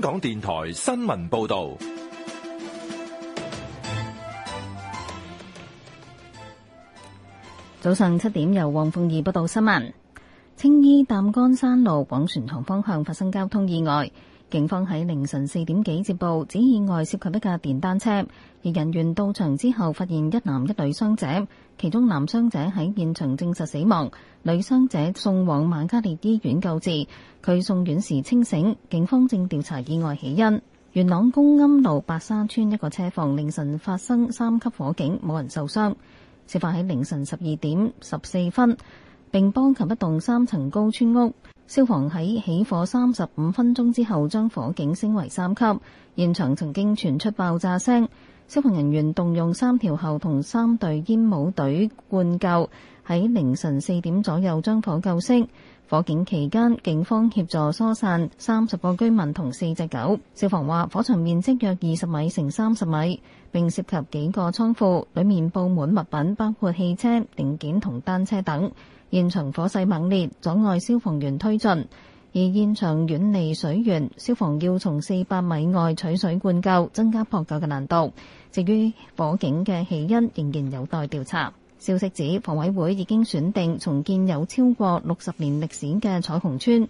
香港電台新聞報道。早上七點，由黃鳳儀報道新聞。青衣擔桿山路廣船塘方向發生交通意外。警方喺凌晨四點幾接報指意外涉及一架電單車，而人員到場之後發現一男一女傷者，其中男傷者喺現場證實死亡，女傷者送往瑪嘉烈醫院救治。佢送院時清醒，警方正調查意外起因。元朗公庵路白沙村一個車房凌晨發生三級火警，冇人受傷。事發喺凌晨十二點十四分，並波及一棟三層高村屋。消防喺起火三十五分鐘之後將火警升為三級，現場曾經傳出爆炸聲。消防人員動用三條喉同三隊煙霧隊灌救，喺凌晨四點左右將火救熄。火警期間，警方協助疏散三十個居民同四隻狗。消防話火場面積約二十米乘三十米，並涉及幾個倉庫，裡面佈滿物品，包括汽車、零件同單車等。現場火勢猛烈，阻礙消防員推進；而現場遠離水源，消防要從四百米外取水灌救，增加撲救嘅難度。至於火警嘅起因，仍然有待調查。消息指，房委會已經選定重建有超過六十年歷史嘅彩虹村，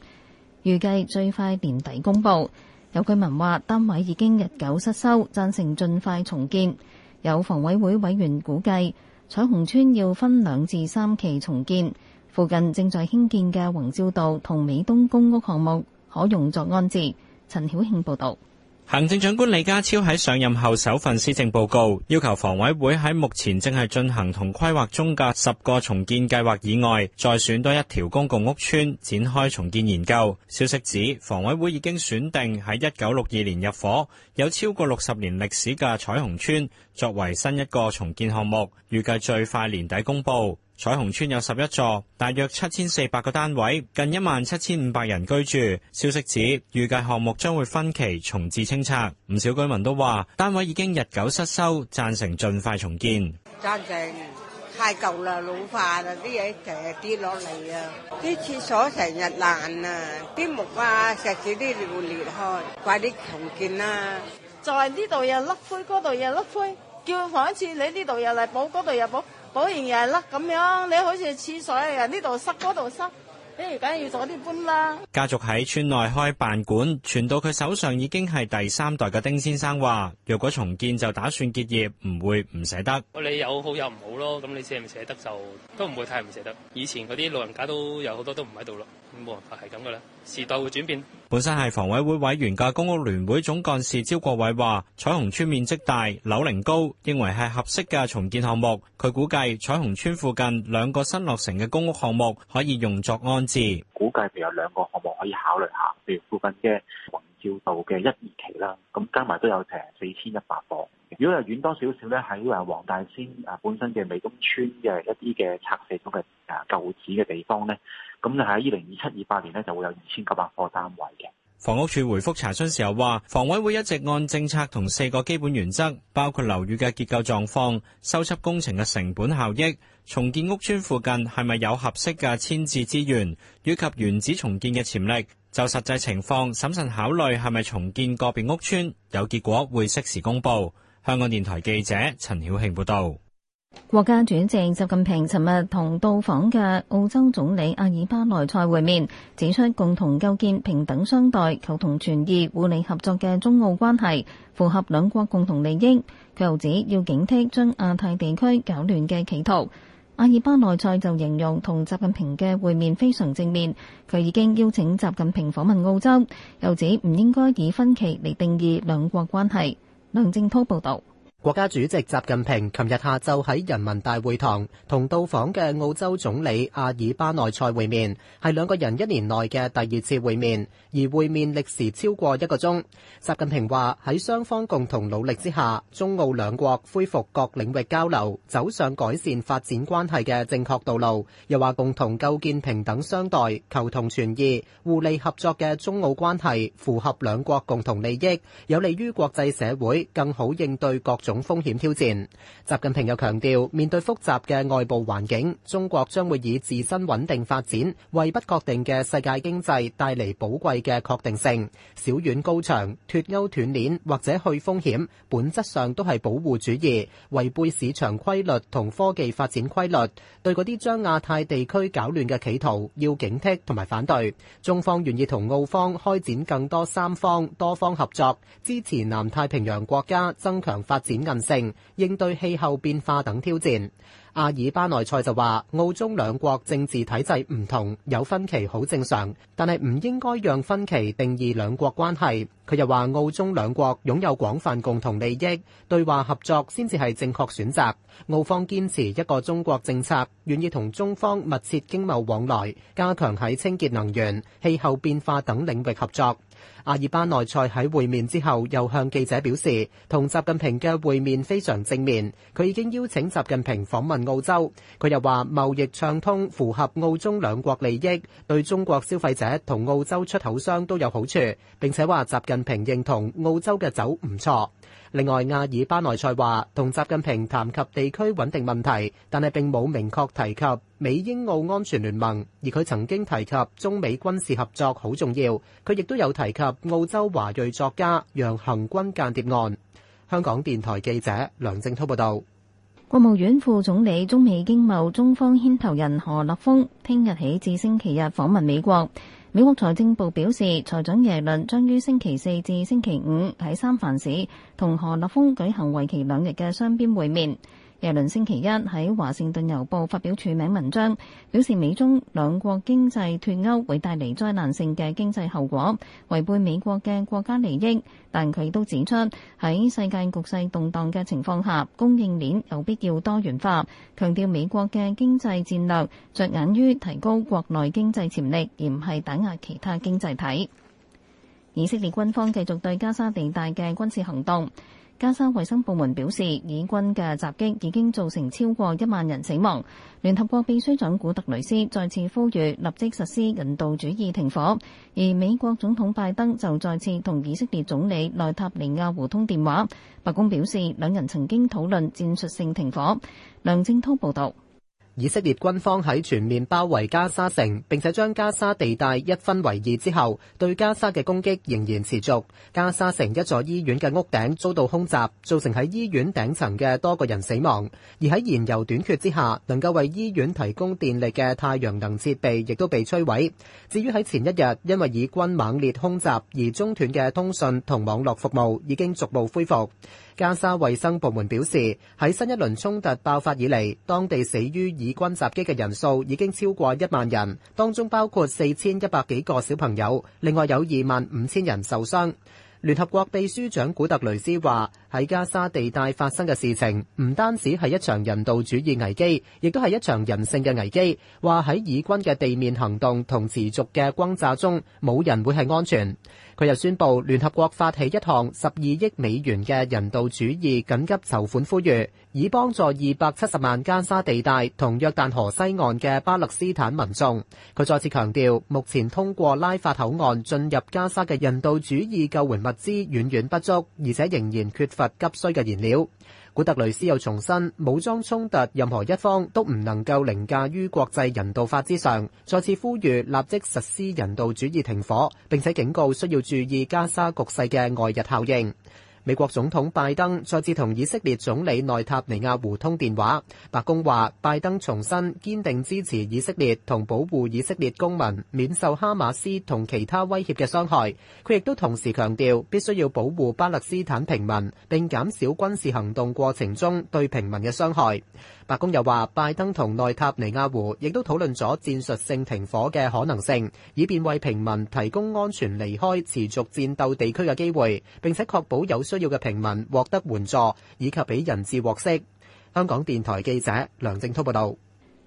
預計最快年底公佈。有居民話，單位已經日久失修，贊成盡快重建。有房委會委員估計，彩虹村要分兩至三期重建。附近正在興建嘅宏照道同美東公屋項目可用作安置。陳曉慶報道。行政長官李家超喺上任後首份施政報告要求房委會喺目前正係進行同規劃中嘅十個重建計劃以外，再選多一條公共屋邨展開重建研究。消息指，房委會已經選定喺一九六二年入伙、有超過六十年歷史嘅彩虹邨作為新一個重建項目，預計最快年底公布。彩虹村有十一座，大約七千四百個單位，近一萬七千五百人居住。消息指，預計項目將會分期重置清拆。唔少居民都話，單位已經日久失修，贊成盡快重建。贊成，太舊啦，老化啦，啲嘢成日跌落嚟啊！啲廁所成日爛啊，啲木啊、石屎啲會裂開，快啲重建啦！在呢度又甩灰，嗰度又甩灰，叫房一次你呢度又嚟補，嗰度又補。保完又係甩咁樣，你好似廁所又呢度塞，嗰度塞，哎，梗係要早啲搬啦。家族喺村內開飯館，傳到佢手上已經係第三代嘅丁先生話，若果重建就打算結業，唔會唔捨得。你有好有唔好咯，咁你捨唔捨得就都唔會太唔捨得。以前嗰啲老人家都有好多都唔喺度咯。冇辦法係咁噶啦，時代會轉變。本身係房委會委員嘅公屋聯會總幹事招國偉話：彩虹邨面積大、樓齡高，認為係合適嘅重建項目。佢估計彩虹邨附近兩個新落成嘅公屋項目可以用作安置。估計未有兩個項目可以考慮下，譬如附近嘅。照度嘅一、二期啦，咁加埋都有成四千一百伙。如果又遠多少少咧，喺啊黃大仙啊本身嘅美東村嘅一啲嘅拆卸咗嘅啊舊址嘅地方咧，咁就喺二零二七、二八年咧就會有二千九百伙單位嘅。房屋署回覆查詢時候話，房委會一直按政策同四個基本原則，包括樓宇嘅結構狀況、修葺工程嘅成本效益、重建屋村附近係咪有合適嘅遷置資源，以及原址重建嘅潛力，就實際情況審慎考慮係咪重建個別屋村。有結果會適時公佈。香港電台記者陳曉慶報道。國家主席習近平尋日同到訪嘅澳洲總理阿爾巴內塞會面，指出共同構建平等相待、求同存異、互利合作嘅中澳關係，符合兩國共同利益。佢又指要警惕將亞太地區搞亂嘅企圖。阿爾巴內塞就形容同習近平嘅會面非常正面，佢已經邀請習近平訪問澳洲，又指唔應該以分歧嚟定義兩國關係。梁正濤報道。國家主席習近平琴日下晝喺人民大會堂同到訪嘅澳洲總理阿爾巴內塞會面，係兩個人一年內的第二次會面，而會面歷時超過一個鐘。習近平話，在雙方共同努力之下，中澳兩國恢復各領域交流，走上改善發展關係嘅正確道路。又話，共同構建平等相待、求同存異、互利合作嘅中澳關係，符合兩國共同利益，有利於國際社會更好應對各種種風險挑戰。習近平又強調，面對複雜嘅外部環境，中國將會以自身穩定發展，為不確定嘅世界經濟帶嚟寶貴嘅確定性。小院高牆、脫鈎斷鏈或者去風險，本質上都係保護主義，違背市場規律同科技發展規律。對嗰啲將亞太地區搞亂嘅企圖，要警惕同埋反對。中方願意同澳方開展更多三方多方合作，支持南太平洋國家增強發展。韌性，應對氣候變化等挑戰。阿爾巴內塞就話，澳中兩國政治體制唔同，有分歧好正常，但係唔應該讓分歧定義兩國關係。佢又話，澳中兩國擁有廣泛共同利益，對話合作先至係正確選擇。澳方堅持一個中國政策，願意同中方密切經貿往來，加強喺清潔能源、氣候變化等領域合作。阿爾巴內塞喺會面之後，又向記者表示，同習近平嘅會面非常正面。佢已經邀請習近平訪問澳洲。佢又話貿易暢通符合澳中兩國利益，對中國消費者同澳洲出口商都有好處。並且話習近平認同澳洲嘅酒唔錯。另外，阿爾巴內塞話同習近平談及地區穩定問題，但係並冇明確提及美英澳安全聯盟。而佢曾經提及中美軍事合作好重要。佢亦都有提及。澳洲華裔作家楊恒軍間諜案，香港電台記者梁正濤報道。國務院副總理、中美經貿中方牽頭人何立峰聽日起至星期日訪問美國。美國財政部表示，財長耶倫將於星期四至星期五喺三藩市同何立峰舉行為期兩日嘅雙邊會面。耶倫星期一喺華盛頓郵報發表署名文章，表示美中兩國經濟脫歐會帶嚟災難性嘅經濟後果，違背美國嘅國家利益。但佢都指出喺世界局勢動盪嘅情況下，供應鏈有必要多元化。強調美國嘅經濟戰略着眼於提高國內經濟潛力，而唔係打壓其他經濟體。以色列軍方繼續對加沙地帶嘅軍事行動。加沙衛生部門表示，以軍嘅襲擊已經造成超過一萬人死亡。聯合國秘書長古特雷斯再次呼籲立即實施人道主義停火，而美國總統拜登就再次同以色列總理內塔尼亞胡通電話。白宮表示，兩人曾經討論戰術性停火。梁正濤報道。以色列軍方喺全面包圍加沙城，並且將加沙地帶一分為二之後，對加沙嘅攻擊仍然持續。加沙城一座醫院嘅屋頂遭到空襲，造成喺醫院頂層嘅多個人死亡。而喺燃油短缺之下，能夠為醫院提供電力嘅太陽能設備亦都被摧毀。至於喺前一日因為以軍猛烈空襲而中斷嘅通訊同網絡服務，已經逐步恢復。加沙衛生部門表示，喺新一輪衝突爆發以嚟，當地死於以軍襲擊嘅人數已經超過一萬人，當中包括四千一百幾個小朋友，另外有二萬五千人受傷。聯合國秘書長古特雷斯話：喺加沙地帶發生嘅事情，唔單止係一場人道主義危機，亦都係一場人性嘅危機。話喺以軍嘅地面行動同持續嘅轟炸中，冇人會係安全。佢又宣布聯合國發起一項十二億美元嘅人道主義緊急籌款呼籲，以幫助二百七十萬加沙地帶同約旦河西岸嘅巴勒斯坦民眾。佢再次強調，目前通過拉法口岸進入加沙嘅人道主義救援物資遠遠不足，而且仍然缺乏急需嘅燃料。古特雷斯又重申，武裝衝突任何一方都唔能夠凌駕於國際人道法之上，再次呼籲立即實施人道主義停火。並且警告需要注意加沙局勢嘅外日效應。美國總統拜登再次同以色列總理內塔尼亞胡通電話，白宮話拜登重申堅定支持以色列同保護以色列公民免受哈馬斯同其他威脅嘅傷害。佢亦都同時強調，必須要保護巴勒斯坦平民，並減少軍事行動過程中對平民嘅傷害。白宮又話，拜登同內塔尼亞胡亦都討論咗戰術性停火嘅可能性，以便為平民提供安全離開持續戰鬥地區嘅機會，並且確保有需要嘅平民獲得援助，以及俾人質獲釋。香港電台記者梁正滔報道。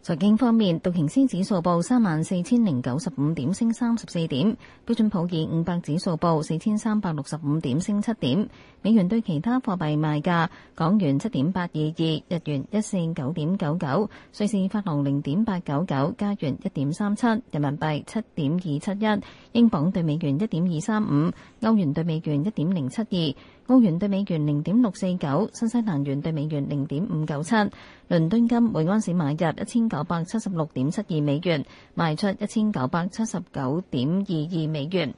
財經方面，道瓊斯指數報三萬四千零九十五點，升三十四點；標準普爾五百指數報四千三百六十五點，升七點。美元對其他貨幣賣價，港元七點八二二，日元一四九點九九，瑞士法郎零點八九九，加元一點三七，人民幣七點二七一，英鎊對美元一點二三五，歐元對美元一點零七二。歐元兌美元零點六四九，新西蘭元兌美元零點五九七，倫敦金每安士買入一千九百七十六點七二美元，賣出一千九百七十九點二二美元。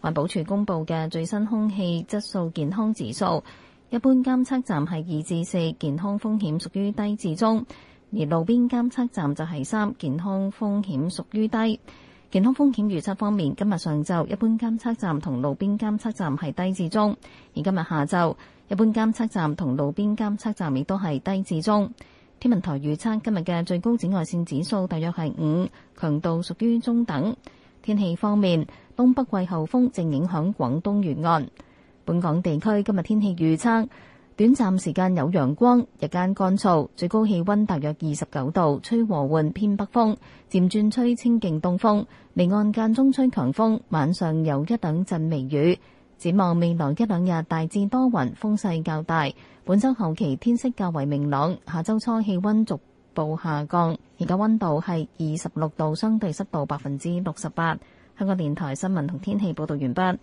環保署公布嘅最新空氣質素健康指數，一般監測站係二至四，健康風險屬於低至中；而路邊監測站就係三，健康風險屬於低。健康風險預測方面，今日上晝一般監測站同路邊監測站係低至中，而今日下晝一般監測站同路邊監測站亦都係低至中。天文台預測今日嘅最高紫外線指數大約係五，強度屬於中等。天氣方面，東北季候風正影響廣東沿岸。本港地區今日天氣預測。短暫時間有陽光，日間乾燥，最高氣溫大約二十九度，吹和緩偏北風，漸轉吹清勁東風，離岸間中吹強風，晚上有一兩陣微雨。展望未來一兩日大致多雲，風勢較大。本周後期天色較為明朗，下周初氣溫逐步下降。而家溫度係二十六度，相對濕度百分之六十八。香港電台新聞同天氣報道完畢。